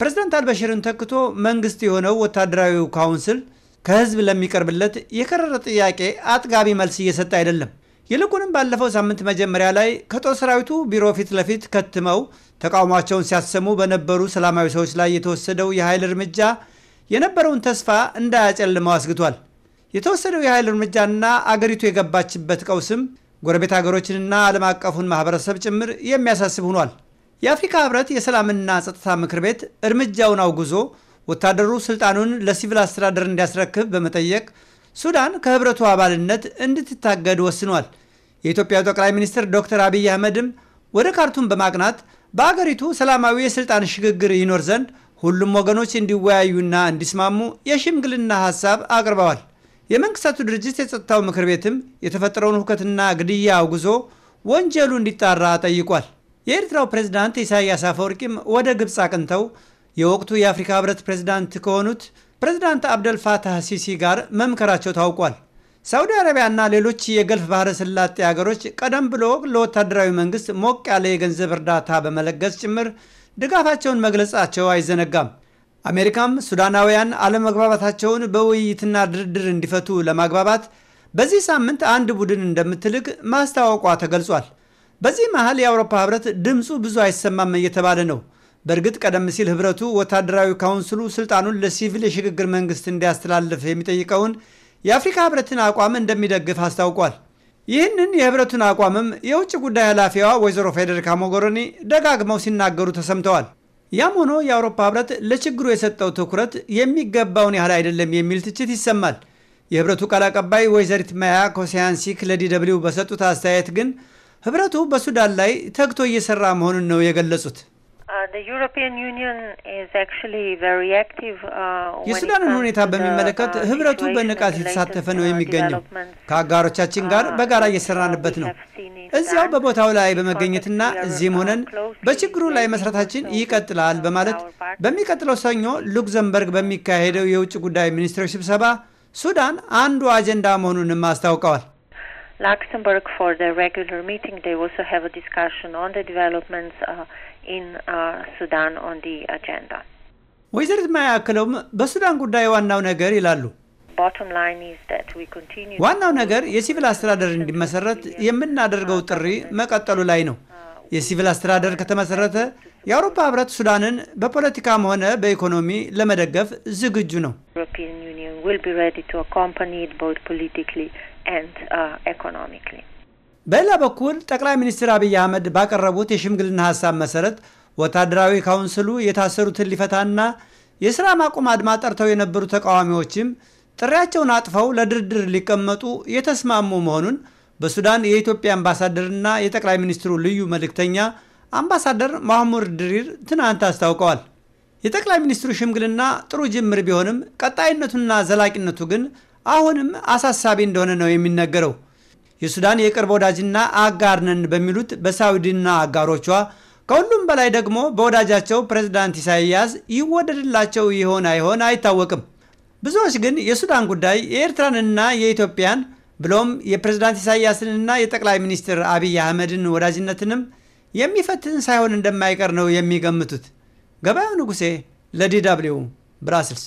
ፕሬዝዳንት አልበሽርን ተክቶ መንግስት የሆነው ወታደራዊ ካውንስል ከህዝብ ለሚቀርብለት የከረረ ጥያቄ አጥጋቢ መልስ እየሰጠ አይደለም። ይልቁንም ባለፈው ሳምንት መጀመሪያ ላይ ከጦር ሰራዊቱ ቢሮ ፊት ለፊት ከትመው ተቃውሟቸውን ሲያሰሙ በነበሩ ሰላማዊ ሰዎች ላይ የተወሰደው የኃይል እርምጃ የነበረውን ተስፋ እንዳያጨልመው አስግቷል። የተወሰደው የኃይል እርምጃና አገሪቱ የገባችበት ቀውስም ጎረቤት አገሮችንና ዓለም አቀፉን ማህበረሰብ ጭምር የሚያሳስብ ሆኗል። የአፍሪካ ህብረት የሰላምና ጸጥታ ምክር ቤት እርምጃውን አውግዞ ወታደሩ ስልጣኑን ለሲቪል አስተዳደር እንዲያስረክብ በመጠየቅ ሱዳን ከህብረቱ አባልነት እንድትታገድ ወስኗል። የኢትዮጵያ ጠቅላይ ሚኒስትር ዶክተር አብይ አህመድም ወደ ካርቱም በማቅናት በአገሪቱ ሰላማዊ የስልጣን ሽግግር ይኖር ዘንድ ሁሉም ወገኖች እንዲወያዩና እንዲስማሙ የሽምግልና ሀሳብ አቅርበዋል። የመንግስታቱ ድርጅት የጸጥታው ምክር ቤትም የተፈጠረውን ሁከትና ግድያ አውግዞ ወንጀሉ እንዲጣራ ጠይቋል። የኤርትራው ፕሬዝዳንት ኢሳያስ አፈወርቂም ወደ ግብፅ አቅንተው የወቅቱ የአፍሪካ ህብረት ፕሬዝዳንት ከሆኑት ፕሬዝዳንት አብደል ሲሲ ጋር መምከራቸው ታውቋል። ሳውዲ አረቢያና ሌሎች የገልፍ ባህረ ስላጤ ሀገሮች ቀደም ብሎ ለወታደራዊ መንግስት ሞቅ ያለ የገንዘብ እርዳታ በመለገስ ጭምር ድጋፋቸውን መግለጻቸው አይዘነጋም። አሜሪካም ሱዳናውያን አለመግባባታቸውን በውይይትና ድርድር እንዲፈቱ ለማግባባት በዚህ ሳምንት አንድ ቡድን እንደምትልክ ማስታወቋ ተገልጿል። በዚህ መሀል የአውሮፓ ህብረት ድምፁ ብዙ አይሰማም እየተባለ ነው። በእርግጥ ቀደም ሲል ህብረቱ ወታደራዊ ካውንስሉ ስልጣኑን ለሲቪል የሽግግር መንግስት እንዲያስተላልፍ የሚጠይቀውን የአፍሪካ ህብረትን አቋም እንደሚደግፍ አስታውቋል። ይህንን የህብረቱን አቋምም የውጭ ጉዳይ ኃላፊዋ ወይዘሮ ፌዴሪካ ሞጎሮኒ ደጋግመው ሲናገሩ ተሰምተዋል። ያም ሆኖ የአውሮፓ ህብረት ለችግሩ የሰጠው ትኩረት የሚገባውን ያህል አይደለም የሚል ትችት ይሰማል። የህብረቱ ቃል አቀባይ ወይዘሪት ማያ ኮሲያንሲክ ለዲ ደብልዩ በሰጡት አስተያየት ግን ህብረቱ በሱዳን ላይ ተግቶ እየሰራ መሆኑን ነው የገለጹት። uh, uh, የሱዳንን ሁኔታ በሚመለከት uh, ህብረቱ በንቃት የተሳተፈ ነው የሚገኘው። ከአጋሮቻችን ጋር በጋራ እየሰራንበት ነው። እዚያው በቦታው ላይ በመገኘትና እዚህም ሆነን በችግሩ ላይ መስራታችን ይቀጥላል በማለት በሚቀጥለው ሰኞ ሉክዘምበርግ በሚካሄደው የውጭ ጉዳይ ሚኒስትሮች ስብሰባ ሱዳን አንዱ አጀንዳ መሆኑንም አስታውቀዋል። Luxembourg for their regular meeting. They also have a discussion on the developments uh, in uh, Sudan on the agenda. ወይዘሪት ማያ ያክለውም በሱዳን ጉዳይ ዋናው ነገር ይላሉ ዋናው ነገር የሲቪል አስተዳደር እንዲመሰረት የምናደርገው ጥሪ መቀጠሉ ላይ ነው። የሲቪል አስተዳደር ከተመሰረተ የአውሮፓ ህብረት ሱዳንን በፖለቲካም ሆነ በኢኮኖሚ ለመደገፍ ዝግጁ ነው። uh, በሌላ በኩል ጠቅላይ ሚኒስትር አብይ አህመድ ባቀረቡት የሽምግልና ሀሳብ መሰረት ወታደራዊ ካውንስሉ የታሰሩትን ሊፈታና የሥራ ማቆም አድማ ጠርተው የነበሩ ተቃዋሚዎችም ጥሪያቸውን አጥፈው ለድርድር ሊቀመጡ የተስማሙ መሆኑን በሱዳን የኢትዮጵያ አምባሳደርና የጠቅላይ ሚኒስትሩ ልዩ መልእክተኛ አምባሳደር ማህሙድ ድሪር ትናንት አስታውቀዋል። የጠቅላይ ሚኒስትሩ ሽምግልና ጥሩ ጅምር ቢሆንም ቀጣይነቱና ዘላቂነቱ ግን አሁንም አሳሳቢ እንደሆነ ነው የሚነገረው። የሱዳን የቅርብ ወዳጅና አጋር ነን በሚሉት በሳውዲና አጋሮቿ ከሁሉም በላይ ደግሞ በወዳጃቸው ፕሬዝዳንት ኢሳይያስ ይወደድላቸው ይሆን አይሆን አይታወቅም። ብዙዎች ግን የሱዳን ጉዳይ የኤርትራንና የኢትዮጵያን ብሎም የፕሬዝዳንት ኢሳያስንና የጠቅላይ ሚኒስትር አብይ አህመድን ወዳጅነትንም የሚፈትን ሳይሆን እንደማይቀር ነው የሚገምቱት። ገበያው ንጉሴ ለዲ ደብልዩ ብራስልስ